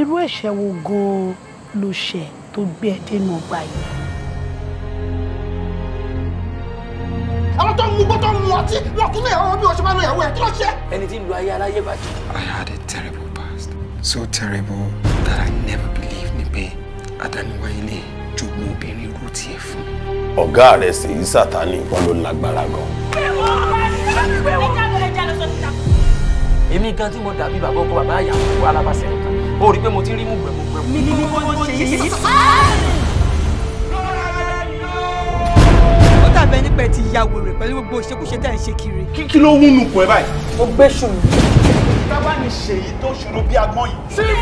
irú ẹ̀ṣẹ̀ wo gan-an ló ṣẹ̀ tó gbé ẹ dénú ọgbà yìí. àwọn tó ń mugbó tó ń mu ọtí wọn tún lè rọrùn bí wọn ṣe máa ń lo ìyàwó ẹ kí ló ṣe. ẹni tí ń lu ayé aláyé bàjẹ́. I had a terrible past so terrible that I never believed ni pé adániwáyélé jogún obìnrin irú tiẹ̀ fún mi. ọ̀gá rẹ̀ ṣèyí sátani wọn ló lágbára gan. èmi gan tí mo dàbí bàbá ọkọ bàbá àyàwó alábàṣẹ nìkan o rí i pé mo ti rí mùgbẹ̀mùgbẹ̀. mi ni mo ṣe yí. ó dàbí ẹni pé ti ya wèrè pẹ̀lú gbogbo ìṣekúṣe tẹ̀ ń ṣe kiri. kí kí ló wúnú kù ẹ báyìí. mo gbé ṣùn. tábà ní ṣèyí tó ṣòro bí agbọ́n yìí. sílẹ̀.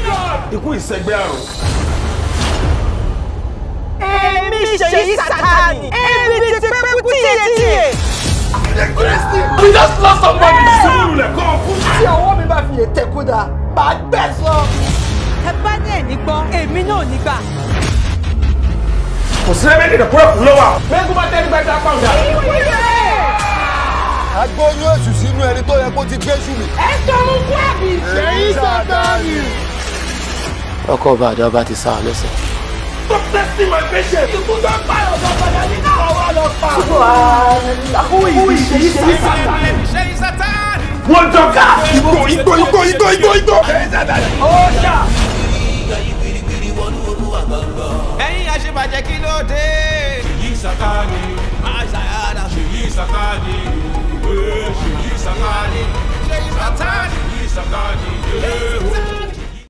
ikú ìṣẹ́gbẹ́ àrùn. èmi ṣèyí sàtáàni èmi ti pé kú tíyetíye. We just lost somebody. Sùúrù lẹ̀ kọ́ fún. Tí ọwọ́ mi bá fi lè tẹ̀kú dáa, màá gbẹ̀sán ẹ bá ní ẹ̀ ní gbọ́ èmi náà ní kò sí lẹ́mẹ̀dì ìdàkúrẹ̀ kù lọ́wọ́. mẹ́gun bá tẹ́ nígbà tá a pàǹdà. agbóyún èṣù sínú ẹni tó yẹ kó ti gbé ṣù mí. ẹ sọ̀rọ̀ kú àbí. ṣèyí sàtọ́rì. ọkọ ọba àdó ọba ti sá ọ lẹ́sẹ̀. Stop testing my patience. Ikú tó ń pààyàn gbọ̀ngàn ní káwọn wà lọ pa. Àkúwì ìṣèyí sàtọ́rì. Ìṣèyí sàtọ́rì. Wọ́n jọ ká. Igbó igbó igbó igbó igbó igbó. Ìṣèyí sàtọ́rì. Ó Dodé. Ṣèyí Sàkáni. Máa ṣàyàdà. Ṣèyí Sàkáni. Ṣèyí Sàkáni. Ṣèyí Sàkáni.